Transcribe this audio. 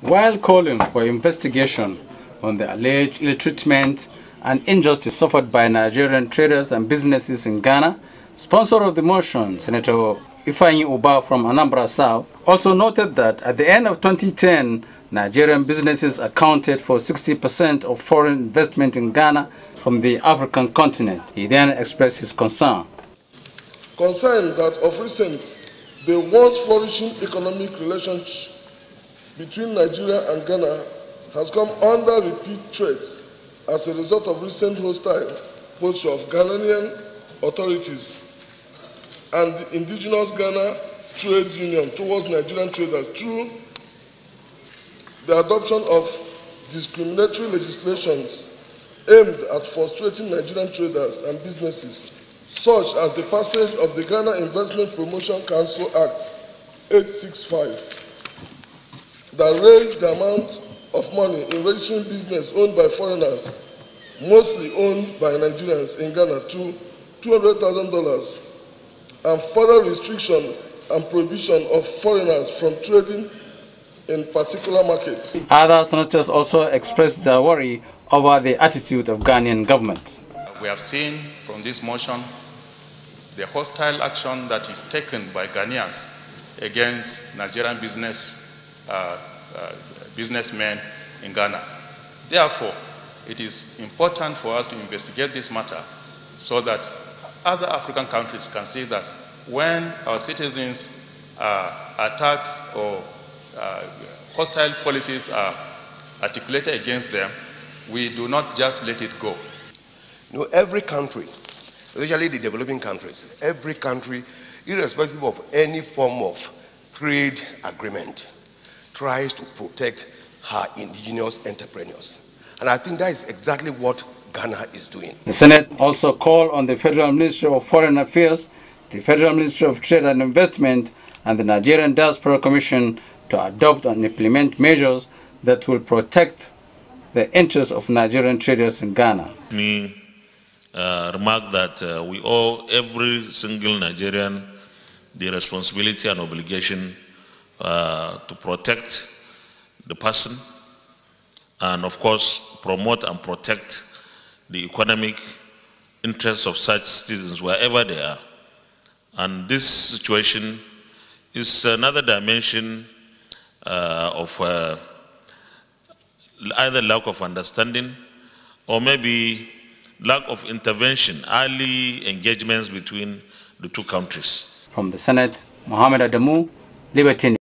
while calling for investigation on the alleged ill treatment and injustice suffered by Nigerian traders and businesses in Ghana, sponsor of the motion, Senator Ifanyi Uba from Anambra South, also noted that at the end of 2010, Nigerian businesses accounted for 60% of foreign investment in Ghana from the African continent. He then expressed his concern. Concern that of recent, the once flourishing economic relationship between Nigeria and Ghana has come under repeat threat as a result of recent hostile posture of Ghanaian authorities and the indigenous Ghana Trade Union towards Nigerian traders through the adoption of discriminatory legislations aimed at frustrating Nigerian traders and businesses, such as the passage of the Ghana Investment Promotion Council Act 865 that raised the amount of money in registering business owned by foreigners, mostly owned by Nigerians in Ghana, to $200,000, and further restriction and prohibition of foreigners from trading in particular markets. Other senators also expressed their worry over the attitude of Ghanaian government. We have seen from this motion the hostile action that is taken by Ghanaians against Nigerian business uh, uh, businessmen in Ghana. Therefore, it is important for us to investigate this matter so that other African countries can see that when our citizens are uh, attacked or uh, hostile policies are articulated against them, we do not just let it go. No, every country, especially the developing countries, every country, irrespective of any form of trade agreement, tries to protect her indigenous entrepreneurs. And I think that is exactly what Ghana is doing. The Senate also called on the Federal Ministry of Foreign Affairs, the Federal Ministry of Trade and Investment, and the Nigerian Diaspora Commission to adopt and implement measures that will protect the interests of Nigerian traders in Ghana. Me uh, remark that uh, we owe every single Nigerian the responsibility and obligation uh, to protect the person and, of course, promote and protect the economic interests of such citizens wherever they are. And this situation is another dimension uh, of uh, either lack of understanding or maybe lack of intervention, early engagements between the two countries. From the Senate, Mohamed Adamu, Liberty.